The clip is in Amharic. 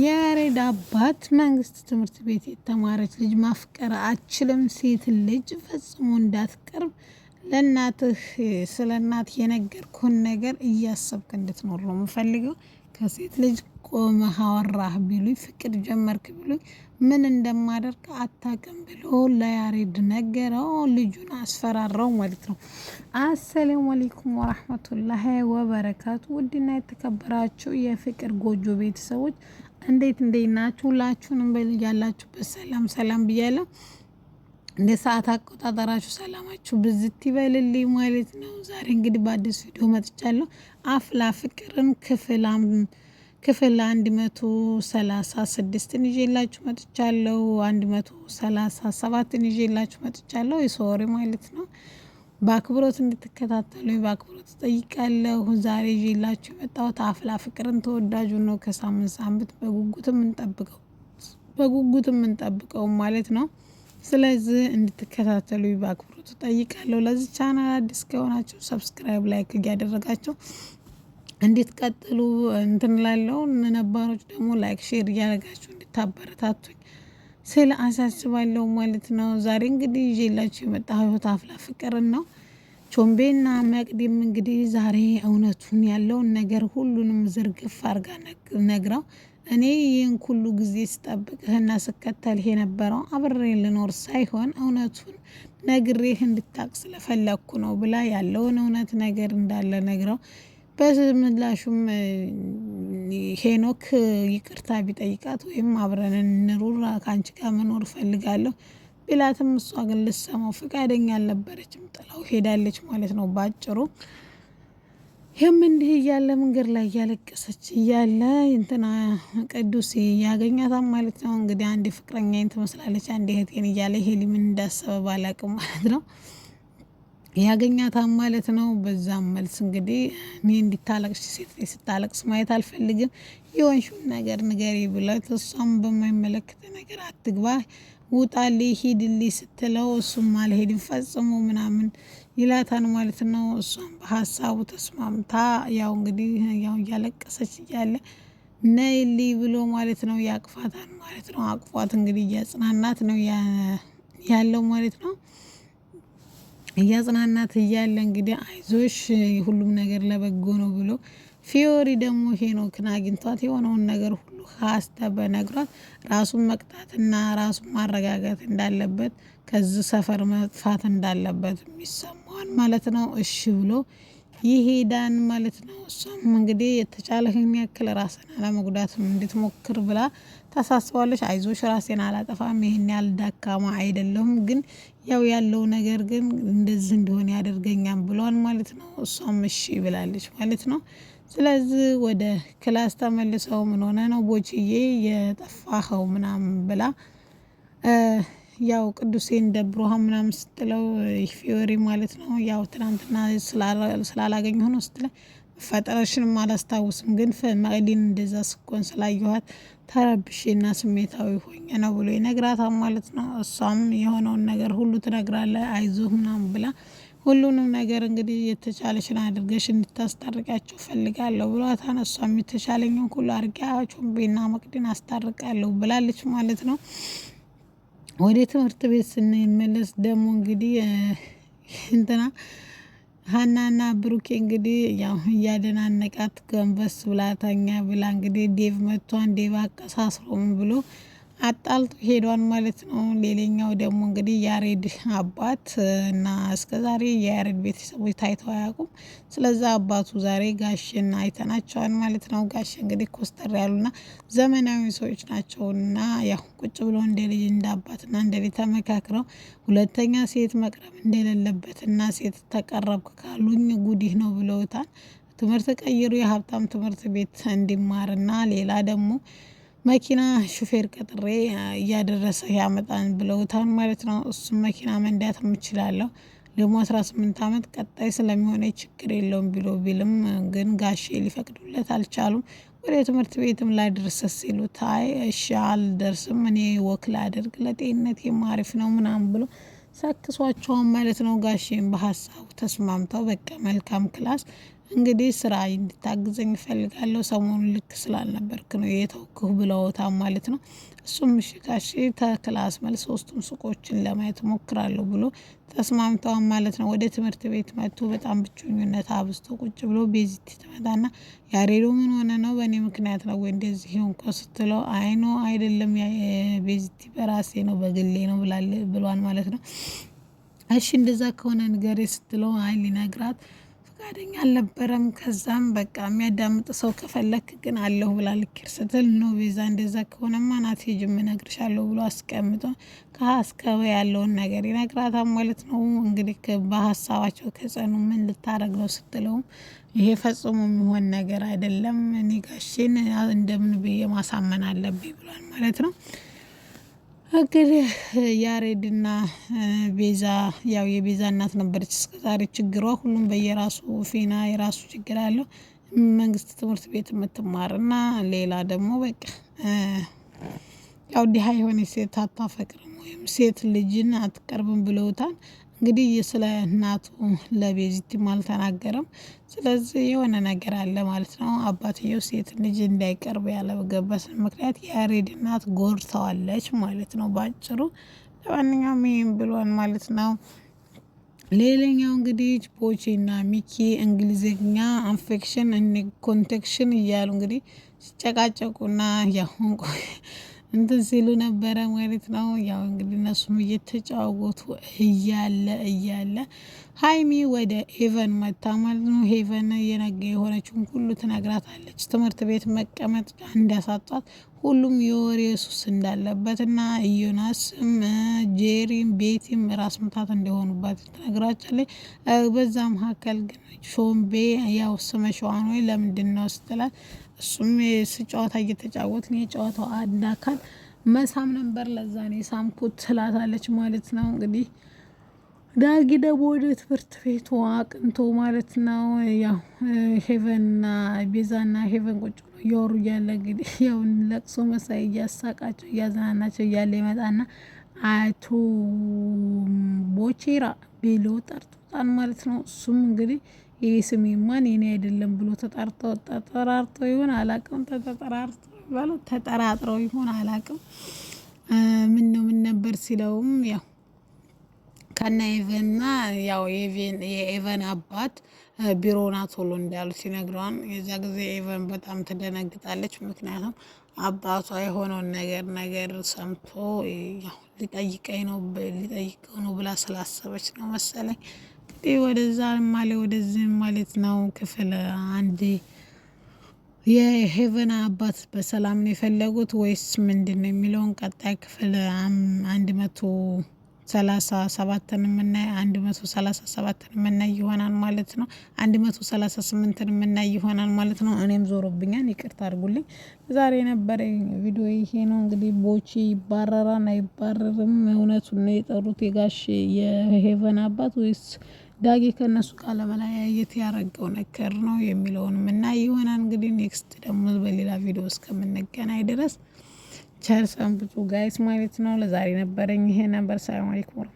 የያሬድ አባት መንግስት ትምህርት ቤት የተማረች ልጅ ማፍቀር አችልም፣ ሴት ልጅ ፈጽሞ እንዳትቀርብ፣ ለእናትህ ስለ እናት የነገርኩህን ነገር እያሰብክ እንድትኖር ነው የምፈልገው። ከሴት ልጅ ቆመ አወራህ ቢሉኝ፣ ፍቅር ጀመርክ ቢሉኝ ምን እንደማደርግ አታውቅም ብሎ ለያሬድ ነገረው። ልጁን አስፈራራው ማለት ነው። አሰላሙ አለይኩም ወራህመቱላሂ ወበረካቱ። ውድና የተከበራችሁ የፍቅር ጎጆ ቤተሰቦች እንዴት እንዴት ናችሁ? ሁላችሁንም ያላችሁበት ሰላም ሰላም ብያለሁ። እንደ ሰዓት አቆጣጠራችሁ ሰላማችሁ ብዝት ይበልልኝ ማለት ነው። ዛሬ እንግዲህ በአዲስ ቪዲዮ መጥቻለሁ። አፍላ ፍቅርን ክፍል አንድ መቶ ሰላሳ ስድስትን ይዤላችሁ መጥቻለሁ። አንድ መቶ ሰላሳ ሰባትን ይዤላችሁ መጥቻለሁ። የሰወሬ ማለት ነው በአክብሮት እንድትከታተሉ በአክብሮት ጠይቃለሁ። ዛሬ ይዤላችሁ የመጣሁት አፍላ ፍቅርን ተወዳጁ ነው። ከሳምንት ሳምንት በጉጉት የምንጠብቀው በጉጉት የምንጠብቀው ማለት ነው። ስለዚህ እንድትከታተሉ በአክብሮት ጠይቃለሁ። ለዚህ ቻናል አዲስ ከሆናቸው ሰብስክራይብ፣ ላይክ እያደረጋቸው እንዴት ቀጥሉ እንትን ነባሮች ደግሞ ላይክ ሼር እያደረጋቸው እንድታበረታቱኝ ስለ አሳስባለሁ ማለት ነው። ዛሬ እንግዲህ ይዤላችሁ የመጣሁት አፍላ ፍቅርን ነው። ቾምቤና መቅዲም እንግዲህ ዛሬ እውነቱን ያለውን ነገር ሁሉንም ዝርግፍ አርጋ ነግረው እኔ ይህን ሁሉ ጊዜ ስጠብቅህና ስከተልህ የነበረው አብሬ ልኖር ሳይሆን እውነቱን ነግሬህ እንድታቅ ስለፈለግኩ ነው ብላ ያለውን እውነት ነገር እንዳለ ነግረው በምላሹም ሄኖክ ይቅርታ ቢጠይቃት ወይም አብረን እንኑር ከአንቺ ጋር መኖር እፈልጋለሁ ቢላትም እሷ ግን ልሰማው ፈቃደኛ አልነበረችም። ጥላው ሄዳለች ማለት ነው ባጭሩ። ይህም እንዲህ እያለ መንገድ ላይ እያለቀሰች እያለ እንትና ቅዱስ ያገኛታል ማለት ነው። እንግዲህ አንዴ ፍቅረኛዬን ትመስላለች፣ አንዴ እህቴን እያለ ይሄ ምን እንዳሰበ ባላቅም ማለት ነው። ያገኛታም ማለት ነው። በዛም መልስ እንግዲህ እኔ እንዲታለቅስ ሴት ስታለቅስ ማየት አልፈልግም፣ የሆንሽውን ነገር ንገሪ ብላት፣ እሷም በማይመለከት ነገር አትግባ ውጣልኝ፣ ሂድልኝ ስትለው እሱም አልሄድም ፈጽሞ ምናምን ይላታን ማለት ነው። እሷም በሀሳቡ ተስማምታ ያው እንግዲህ ያው እያለቀሰች እያለ ነይልኝ ብሎ ማለት ነው ያቅፋታን ማለት ነው። አቅፏት እንግዲህ እያጽናናት ነው ያለው ማለት ነው። እያጽናናት እያለ እንግዲህ አይዞሽ ሁሉም ነገር ለበጎ ነው ብሎ ፊዮሪ ደግሞ ሄኖክን አግኝቷት የሆነውን ነገር ሁሉ ሀስተ በነግሯት ራሱን መቅጣትና ራሱን ማረጋጋት እንዳለበት ከዚ ሰፈር መጥፋት እንዳለበት የሚሰማዋን ማለት ነው። እሺ ብሎ ይሄዳን ማለት ነው። እሷም እንግዲህ የተቻለህን ያክል ራስን አለመጉዳት እንድትሞክር ብላ ታሳስባለች። አይዞሽ ራሴን አላጠፋም፣ ይህን ያህል ደካማ አይደለሁም፣ ግን ያው ያለው ነገር ግን እንደዚህ እንደሆነ ያደርገኛም ብሏል ማለት ነው። እሷም እሺ ብላለች ማለት ነው። ስለዚህ ወደ ክላስ ተመልሰው ምን ሆነ ነው ቦችዬ የጠፋኸው ምናምን ብላ ያው ቅዱሴን ደብሮሃን ምናምን ስትለው ፊዮሪ ማለት ነው ያው ትናንትና ስላላገኘ ሆኖ ስትለ ፈጠረሽንም አላስታውስም፣ ግን መቅዲን እንደዛ ስኮን ስላየኋት ተረብሼና ስሜታዊ ሆኜ ነው ብሎ ይነግራታል ማለት ነው። እሷም የሆነውን ነገር ሁሉ ትነግራለ፣ አይዞህ ምናምን ብላ ሁሉንም ነገር እንግዲህ የተቻለሽን አድርገሽ እንድታስታርቂያቸው ፈልጋለሁ ብሏታን። እሷም የተቻለኝን ሁሉ አድርጊያቸው ቤና መቅዲን አስታርቃለሁ ብላለች ማለት ነው። ወደ ትምህርት ቤት ስንመለስ ደግሞ እንግዲህ እንትና ሀናና ብሩኬ እንግዲህ ያው እያደናነቃት ገንበስ ብላ ብላ እንግዲህ ዴቭ መቷን ዴቭ አቀሳስሮም ብሎ አጣልጦ ሄዷን ማለት ነው። ሌላኛው ደግሞ እንግዲህ ያሬድ አባት እና እስከዛሬ የያሬድ ቤተሰቦች ታይተው አያውቁም። ስለዛ አባቱ ዛሬ ጋሽን አይተናቸዋል ማለት ነው። ጋሽ እንግዲህ ኮስተር ያሉና ዘመናዊ ሰዎች ናቸው እና ያው ቁጭ ብሎ እንደ ልጅ እንደ አባትና እንደ ልጅ ተመካክረው ሁለተኛ ሴት መቅረብ እንደሌለበትና ሴት ተቀረብክ ካሉኝ ጉዲህ ነው ብለውታል። ትምህርት ቀይሩ የሀብታም ትምህርት ቤት እንዲማርና ሌላ ደግሞ መኪና ሹፌር ቀጥሬ እያደረሰ ያመጣን ብለውታን ማለት ነው። እሱም መኪና መንዳት የምችላለሁ ደግሞ አስራ ስምንት ዓመት ቀጣይ ስለሚሆነ ችግር የለውም ቢሎ ቢልም ግን ጋሼ ሊፈቅዱለት አልቻሉም። ወደ ትምህርት ቤትም ላድርሰ ሲሉ ታይ እሺ አልደርስም እኔ ወክ ላደርግ ለጤንነቴም አሪፍ ነው ምናምን ብሎ ሰክሷቸውን ማለት ነው። ጋሼም በሀሳቡ ተስማምተው በቃ መልካም ክላስ እንግዲህ ስራ እንድታግዘኝ እፈልጋለሁ። ሰሞኑን ልክ ስላልነበርክ ነው የተውክሁ ብለውታ ማለት ነው። እሱም እሺ ካሺ ተክላስ መል ሶስቱም ሱቆችን ለማየት ሞክራለሁ ብሎ ተስማምተዋን ማለት ነው። ወደ ትምህርት ቤት መጥቶ በጣም ብቸኝነት አብስቶ ቁጭ ብሎ ቤዚት ትመጣና ያሬዶ ምን ሆነ ነው በእኔ ምክንያት ነው ወይ እንደዚህ እንኮ ስትለው አይኖ አይደለም ቤዚቲ በራሴ ነው በግሌ ነው ብሏል ማለት ነው። እሺ እንደዛ ከሆነ ንገሬ ስትለው አይ ሊነግራት ፈቃደኛ አልነበረም። ከዛም በቃ የሚያዳምጥ ሰው ከፈለክ ግን አለሁ ብላ ልኪር ስትል ኖ ቤዛ፣ እንደዛ ከሆነማ ናት ሂጂም እነግርሻለሁ ብሎ አስቀምጦ ከአስከበ ያለውን ነገር ይነግራታል ማለት ነው። እንግዲህ በሀሳባቸው ከጸኑ ምን ልታረግ ነው ስትለውም ይሄ ፈጽሞ የሚሆን ነገር አይደለም፣ እኔ ጋሽን እንደምን ብዬ ማሳመን አለብኝ ብሏል ማለት ነው። እንግዲህ ያሬድና ቤዛ ያው የቤዛ እናት ነበረች እስከዛሬ ችግሯ። ሁሉም በየራሱ ፊና የራሱ ችግር አለው። መንግስት ትምህርት ቤት የምትማርና ሌላ ደግሞ በቃ ያው ድሃ የሆነ ሴት አታፈቅርም ወይም ሴት ልጅን አትቀርብም ብለውታል። እንግዲህ ስለ እናቱ ለቤዚቲም አልተናገረም። ስለዚህ የሆነ ነገር አለ ማለት ነው። አባትየው ሴት ልጅ እንዳይቀርብ ያለገበት ምክንያት የአሬድ እናት ጎድተዋለች ማለት ነው በአጭሩ። ለማንኛውም ይህም ብሏን ማለት ነው። ሌላኛው እንግዲህ ቦቼ እና ሚኪ እንግሊዝኛ አንፌክሽን ኮንቴክሽን እያሉ እንግዲህ ሲጨቃጨቁና ያሁን እንትን ሲሉ ነበረ ማለት ነው። ያው እንግዲህ እነሱም እየተጫወቱ እያለ እያለ ሀይሚ ወደ ሄቨን መታ ማለት ነው። ሄቨን የነገ የሆነችውን ሁሉ ትነግራታለች። ትምህርት ቤት መቀመጥ እንዳሳጣት ሁሉም የወሬ ሱስ እንዳለበት እና ዮናስም ጄሪም ቤቲም ራስ ምታት እንደሆኑባት ትነግራቸለች። በዛ መካከል ግን ሾምቤ ያው ስመሸዋን ወይ ለምንድን ነው ስትላት እሱም ስጨዋታ እየተጫወትን የጨዋታው አንድ አካል መሳም ነበር ለዛ ነው የሳምኩት ትላታለች ማለት ነው እንግዲህ ዳጊ ደግሞ ወደ ትምህርት ቤቱ አቅንቶ ማለት ነው። ያው ሄቨንና ቤዛና ሄቨን ቁጭ ብሎ እያወሩ እያለ እንግዲህ ያው ለቅሶ መሳይ እያሳቃቸው እያዝናናቸው እያለ ይመጣና አቶ ቦቼራ ቤሎ ጠርጥጣን ማለት ነው። እሱም እንግዲህ ይህ ስሜ ማን የኔ አይደለም ብሎ ተጠርተው ተጠራርተው ይሆን አላቅም ተጠራርተው ይባላል ተጠራጥረው ይሆን አላቅም። ምን ነው ምን ነበር ሲለውም ያው ከነ ኤቨንና ያው የኤቨን አባት ቢሮና ቶሎ እንዳሉ ሲነግረዋን የዛ ጊዜ ኤቨን በጣም ትደነግጣለች። ምክንያቱም አባቷ የሆነውን ነገር ነገር ሰምቶ ሊጠይቀኝ ነው ሊጠይቀው ነው ብላ ስላሰበች ነው መሰለኝ እንግዲህ ወደዛ ማሌ ወደዚህ ማለት ነው ክፍል አንድ የሄቨን አባት በሰላም ነው የፈለጉት ወይስ ምንድን ነው የሚለውን ቀጣይ ክፍል አንድ መቶ ሰላሳ ሰባትን የምናይ አንድ መቶ ሰላሳ ሰባትን የምናይ ይሆናል ማለት ነው። አንድ መቶ ሰላሳ ስምንትን የምናይ ይሆናል ማለት ነው። እኔም ዞሮብኛል፣ ይቅርታ አድርጉልኝ። ዛሬ የነበረ ቪዲዮ ይሄ ነው። እንግዲህ ቦቼ ይባረራል አይባረርም? እውነቱን ነው የጠሩት የጋሽ የሄቨን አባት ወይስ ዳጌ ከእነሱ ጋር ለመለያየት ያረገው ነገር ነው የሚለውን ምናይ ይሆናል። እንግዲህ ኔክስት ደግሞ በሌላ ቪዲዮ እስከምንገናኝ ድረስ ቸር ሰንብቱ ጋይስ ማለት ነው። ለዛሬ ነበረኝ ይሄ ነበር። ሰላም አለይኩም።